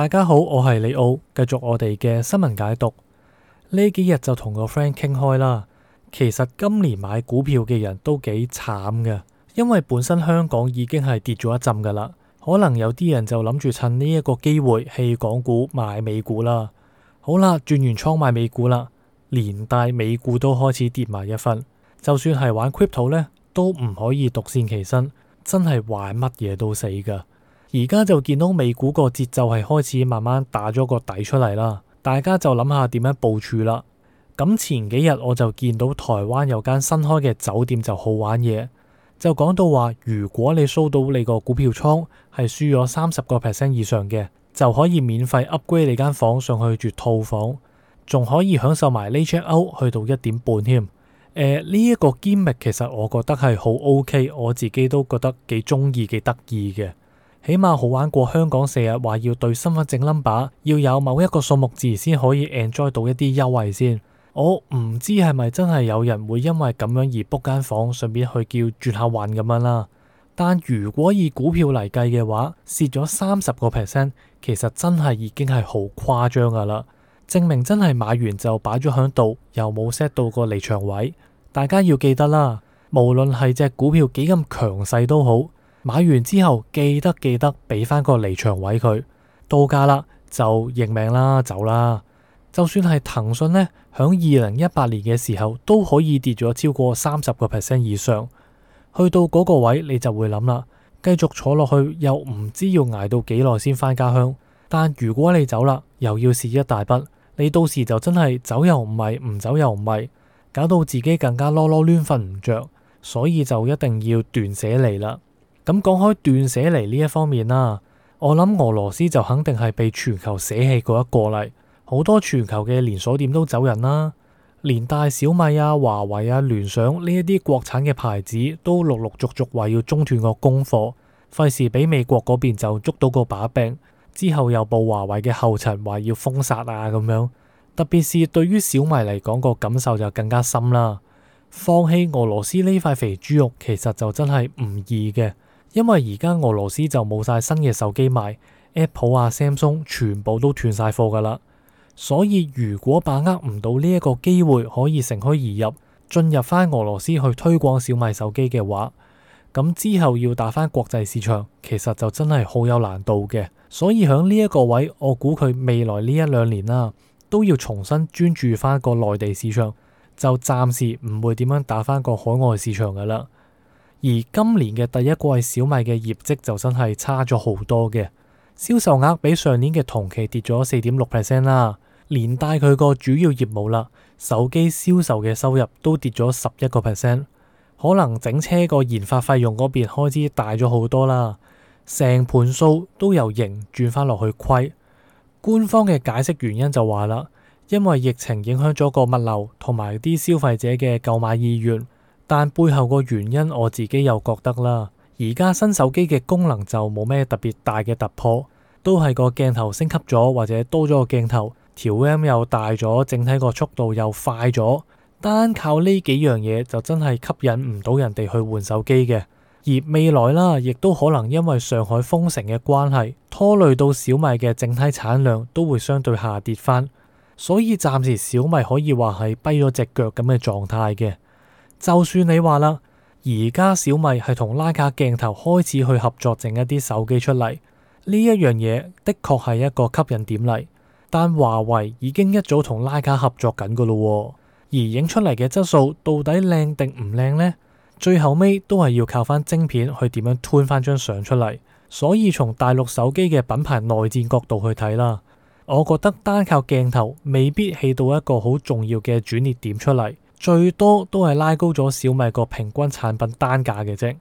大家好，我係李奧，繼續我哋嘅新聞解讀。呢幾日就同個 friend 傾開啦，其實今年買股票嘅人都幾慘噶，因為本身香港已經係跌咗一浸噶啦，可能有啲人就諗住趁呢一個機會棄港股買美股啦。好啦，轉完倉買美股啦，連帶美股都開始跌埋一分，就算係玩 crypto 呢，都唔可以獨善其身，真係玩乜嘢都死噶。而家就見到美股個節奏係開始慢慢打咗個底出嚟啦，大家就諗下點樣部署啦。咁前幾日我就見到台灣有間新開嘅酒店就好玩嘢，就講到話如果你收到你個股票倉係輸咗三十個 percent 以上嘅，就可以免費 upgrade 你間房上去住套房，仲可以享受埋 late check out 去到一點半添。誒呢一，這個 gimmick 其實我覺得係好 ok，我自己都覺得幾中意幾得意嘅。起碼好玩過香港四日，話要對身份證 number 要有某一個數目字先可以 enjoy 到一啲優惠先。我、哦、唔知係咪真係有人會因為咁樣而 book 間房，順便去叫轉下運咁樣啦。但如果以股票嚟計嘅話，蝕咗三十個 percent，其實真係已經係好誇張㗎喇。證明真係買完就擺咗喺度，又冇 set 到個離場位。大家要記得啦，無論係隻股票幾咁強勢都好。買完之後記得記得俾翻個離場位佢到家啦，就認命啦，走啦。就算係騰訊呢，響二零一八年嘅時候都可以跌咗超過三十個 percent 以上，去到嗰個位你就會諗啦，繼續坐落去又唔知要捱到幾耐先返家鄉。但如果你走啦，又要蝕一大筆，你到時就真係走又唔係，唔走又唔係，搞到自己更加囉囉攣，瞓唔着，所以就一定要斷捨離啦。咁講開斷捨離呢一方面啦，我諗俄羅斯就肯定係被全球捨棄嗰一個啦。好多全球嘅連鎖店都走人啦，連帶小米啊、華為啊、聯想呢一啲國產嘅牌子，都陸陸續續話要中斷個供貨，費事俾美國嗰邊就捉到個把柄，之後又步華為嘅後塵，話要封殺啊咁樣。特別是對於小米嚟講，個感受就更加深啦。放棄俄羅斯呢塊肥豬肉，其實就真係唔易嘅。因為而家俄羅斯就冇晒新嘅手機賣，Apple 啊、Samsung 全部都斷晒貨噶啦，所以如果把握唔到呢一個機會，可以乘虛而入，進入翻俄羅斯去推廣小米手機嘅話，咁之後要打翻國際市場，其實就真係好有難度嘅。所以響呢一個位，我估佢未來呢一兩年啦、啊，都要重新專注翻個內地市場，就暫時唔會點樣打翻個海外市場噶啦。而今年嘅第一季小米嘅業績就真係差咗好多嘅，銷售額比上年嘅同期跌咗四點六 percent 啦，連帶佢個主要業務啦，手機銷售嘅收入都跌咗十一個 percent，可能整車個研發費用嗰邊開支大咗好多啦，成盤數都由盈轉翻落去虧，官方嘅解釋原因就話啦，因為疫情影響咗個物流同埋啲消費者嘅購買意願。但背後個原因，我自己又覺得啦，而家新手機嘅功能就冇咩特別大嘅突破，都係個鏡頭升級咗，或者多咗個鏡頭，條 mon 又大咗，整體個速度又快咗，單靠呢幾樣嘢就真係吸引唔到人哋去換手機嘅。而未來啦，亦都可能因為上海封城嘅關係，拖累到小米嘅整體產量都會相對下跌翻，所以暫時小米可以話係跛咗隻腳咁嘅狀態嘅。就算你話啦，而家小米係同拉卡鏡頭開始去合作，作，整一啲手機出嚟，呢一樣嘢的確係一個吸引點嚟。但華為已經一早同拉卡合作緊㗎喇，而影出嚟嘅質素到底靚定唔靚呢？最後尾都係要靠返晶片去點樣吞返張相出嚟。所以從大陸手機嘅品牌內戰角度去睇啦，我覺得單靠鏡頭未必起到一個好重要嘅轉捩點出嚟。最多都係拉高咗小米個平均產品單價嘅啫，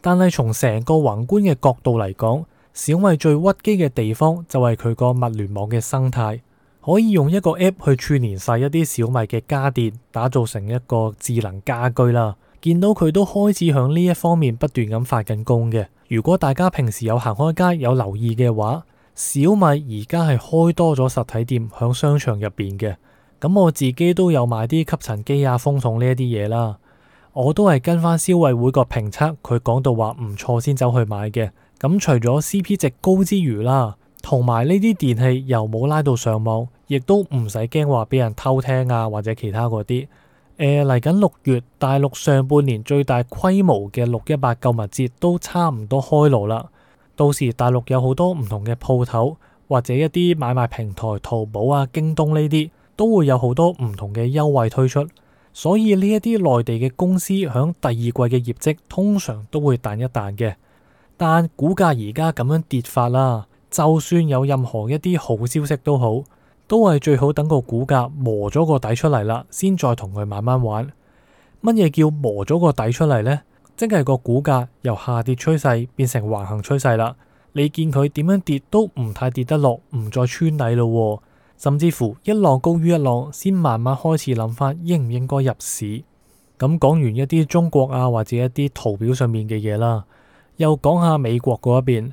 但係從成個宏觀嘅角度嚟講，小米最屈機嘅地方就係佢個物聯網嘅生態，可以用一個 app 去串聯晒一啲小米嘅家電，打造成一個智能家居啦。見到佢都開始響呢一方面不斷咁發緊功嘅。如果大家平時有行開街有留意嘅話，小米而家係開多咗實體店響商場入邊嘅。咁我自己都有買啲吸塵機啊、風筒呢一啲嘢啦，我都係跟返消委會個評測，佢講到話唔錯先走去買嘅。咁除咗 CP 值高之餘啦，同埋呢啲電器又冇拉到上網，亦都唔使驚話俾人偷聽啊，或者其他嗰啲。嚟緊六月，大陸上半年最大規模嘅六一八購物節都差唔多開鑼啦。到時大陸有好多唔同嘅鋪頭或者一啲買賣平台，淘寶啊、京東呢啲，都會有好多唔同嘅優惠推出，所以呢一啲內地嘅公司響第二季嘅業績通常都會彈一彈嘅。但股價而家咁樣跌法啦，就算有任何一啲好消息都好，都係最好等個股價磨咗個底出嚟啦，先再同佢慢慢玩。乜嘢叫磨咗個底出嚟呢？即係個股價由下跌趨勢變成橫行趨勢啦。你見佢點樣跌都唔太跌得落，唔再穿底咯哦。甚至乎一浪高於一浪，先慢慢開始諗返，應唔應該入市咁講、嗯、完一啲中國啊，或者一啲圖表上面嘅嘢啦，又講下美國嗰一邊。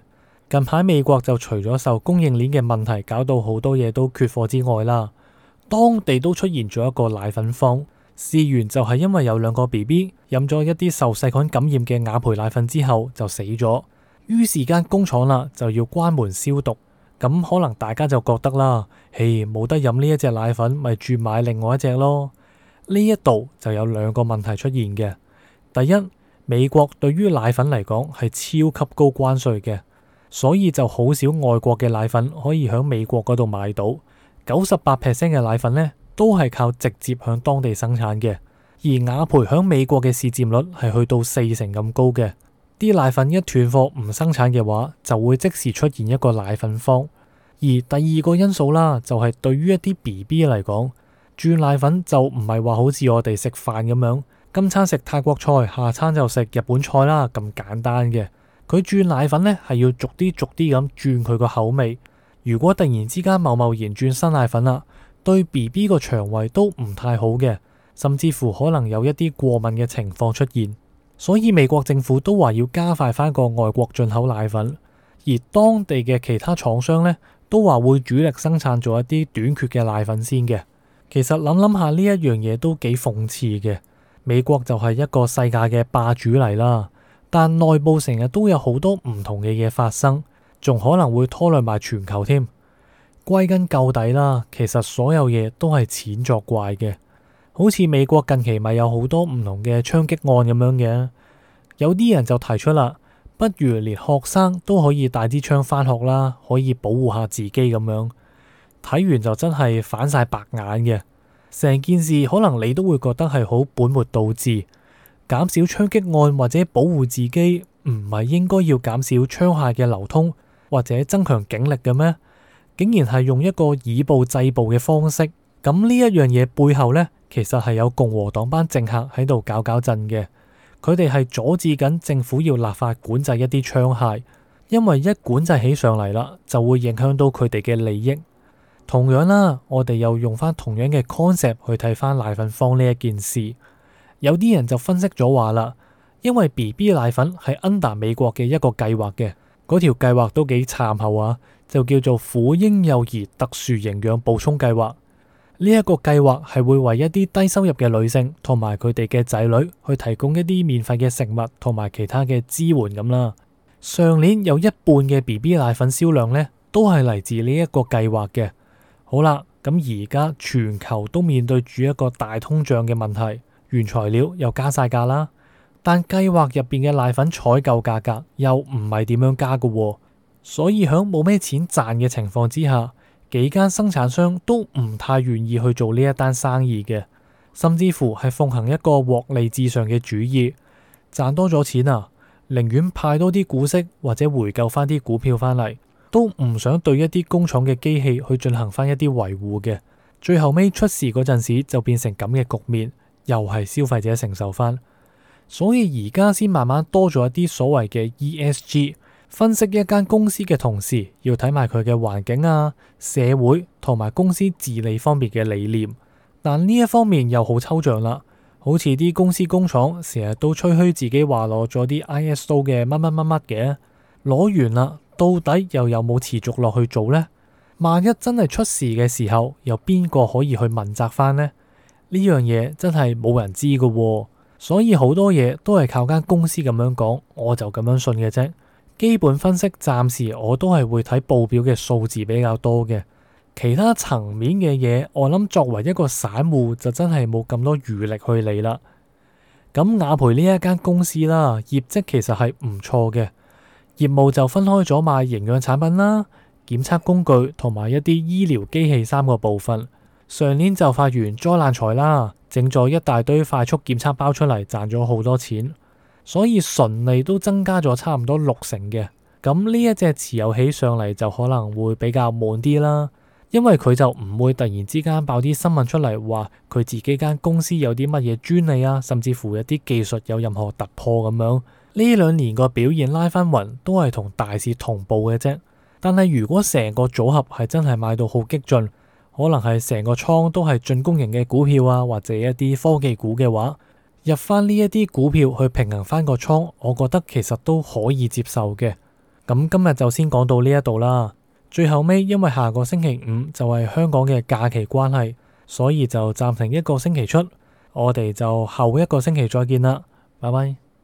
近排美國就除咗受供應鏈嘅問題，搞到好多嘢都缺貨之外啦，當地都出現咗一個奶粉荒，事源就係因為有兩個 B B 飲咗一啲受細菌感染嘅雅培奶粉之後就死咗，於是間工廠啦就要關門消毒。咁可能大家就覺得啦，嘿，冇得飲呢一隻奶粉，咪住買另外一隻咯。呢一度就有兩個問題出現嘅。第一，美國對於奶粉嚟講係超級高關稅嘅，所以就好少外國嘅奶粉可以響美國嗰度買到。九十八 percent 嘅奶粉呢都係靠直接響當地生產嘅。而雅培響美國嘅市佔率係去到四成咁高嘅。啲奶粉一斷貨唔生產嘅話，就會即時出現一個奶粉荒。而第二個因素啦，就係、是、對於一啲 B B 嚟講，轉奶粉就唔係話好似我哋食飯咁樣，今餐食泰國菜，下餐就食日本菜啦咁簡單嘅。佢轉奶粉呢係要逐啲逐啲咁轉佢個口味。如果突然之間貿貿然轉新奶粉啦，對 B B 個腸胃都唔太好嘅，甚至乎可能有一啲過敏嘅情況出現。所以美國政府都話要加快翻個外國進口奶粉，而當地嘅其他廠商呢，都話會主力生產做一啲短缺嘅奶粉先嘅。其實諗諗下呢一樣嘢都幾諷刺嘅。美國就係一個世界嘅霸主嚟啦，但內部成日都有好多唔同嘅嘢發生，仲可能會拖累埋全球添。歸根究底啦，其實所有嘢都係錢作怪嘅。好似美國近期咪有好多唔同嘅槍擊案咁樣嘅，有啲人就提出啦，不如連學生都可以帶支槍翻學啦，可以保護下自己咁樣。睇完就真係反晒白眼嘅，成件事可能你都會覺得係好本末倒置，減少槍擊案或者保護自己唔係應該要減少槍械嘅流通或者增強警力嘅咩？竟然係用一個以暴制暴嘅方式，咁呢一樣嘢背後呢。其實係有共和黨班政客，喺度搞搞震嘅。佢哋係阻止緊政府要立法管制一啲槍械，因為一管制起上嚟啦，就會影響到佢哋嘅利益。同樣啦，我哋又用翻同樣嘅 concept 去睇翻奶粉荒呢一件事，有啲人就分析咗話啦，因為 BB 奶粉係 under 美國嘅一個計劃嘅，嗰條計劃都幾慘後啊，就叫做輔嬰幼兒特殊營養補充計劃。呢一個計劃係會為一啲低收入嘅女性同埋佢哋嘅仔女去提供一啲免費嘅食物同埋其他嘅支援咁啦。上年有一半嘅 BB 奶粉銷量呢都係嚟自呢一個計劃嘅。好啦，咁而家全球都面對住一個大通脹嘅問題，原材料又加晒價啦。但計劃入邊嘅奶粉採購價格又唔係點樣加㗎喎，所以響冇咩錢賺嘅情況之下。幾間生產商都唔太願意去做呢一單生意嘅，甚至乎係奉行一個獲利至上嘅主義，賺多咗錢啊，寧願派多啲股息或者回購翻啲股票翻嚟，都唔想對一啲工廠嘅機器去進行翻一啲維護嘅。最後尾出事嗰陣時就變成咁嘅局面，又係消費者承受翻。所以而家先慢慢多咗一啲所謂嘅 ESG。分析一間公司嘅同時，要睇埋佢嘅環境啊、社會同埋公司治理方面嘅理念。但呢一方面又好抽象啦，好似啲公司工廠成日都吹噓自己話攞咗啲 ISO 嘅乜乜乜乜嘅，攞完啦，到底又有冇持續落去做呢？萬一真係出事嘅時候，又邊個可以去問責翻呢？呢樣嘢真係冇人知㗎喎，所以好多嘢都係靠間公司咁樣講，我就咁樣信嘅啫。基本分析，暫時我都係會睇報表嘅數字比較多嘅，其他層面嘅嘢，我諗作為一個散戶就真係冇咁多餘力去理啦。咁雅培呢一間公司啦，業績其實係唔錯嘅，業務就分開咗賣營養產品啦、檢測工具同埋一啲醫療機器三個部分。上年就發完災難財啦，整咗一大堆快速檢測包出嚟，賺咗好多錢。所以純利都增加咗差唔多六成嘅，咁呢一隻持有起上嚟就可能會比較悶啲啦，因為佢就唔會突然之間爆啲新聞出嚟話佢自己間公司有啲乜嘢專利啊，甚至乎一啲技術有任何突破咁樣。呢兩年個表現拉返勻都係同大市同步嘅啫，但係如果成個組合係真係買到好激進，可能係成個倉都係進攻型嘅股票啊，或者一啲科技股嘅話。入翻呢一啲股票去平衡翻個倉，我覺得其實都可以接受嘅。咁今日就先講到呢一度啦。最後尾，因為下個星期五就係香港嘅假期關係，所以就暫停一個星期出。我哋就後一個星期再見啦。拜拜。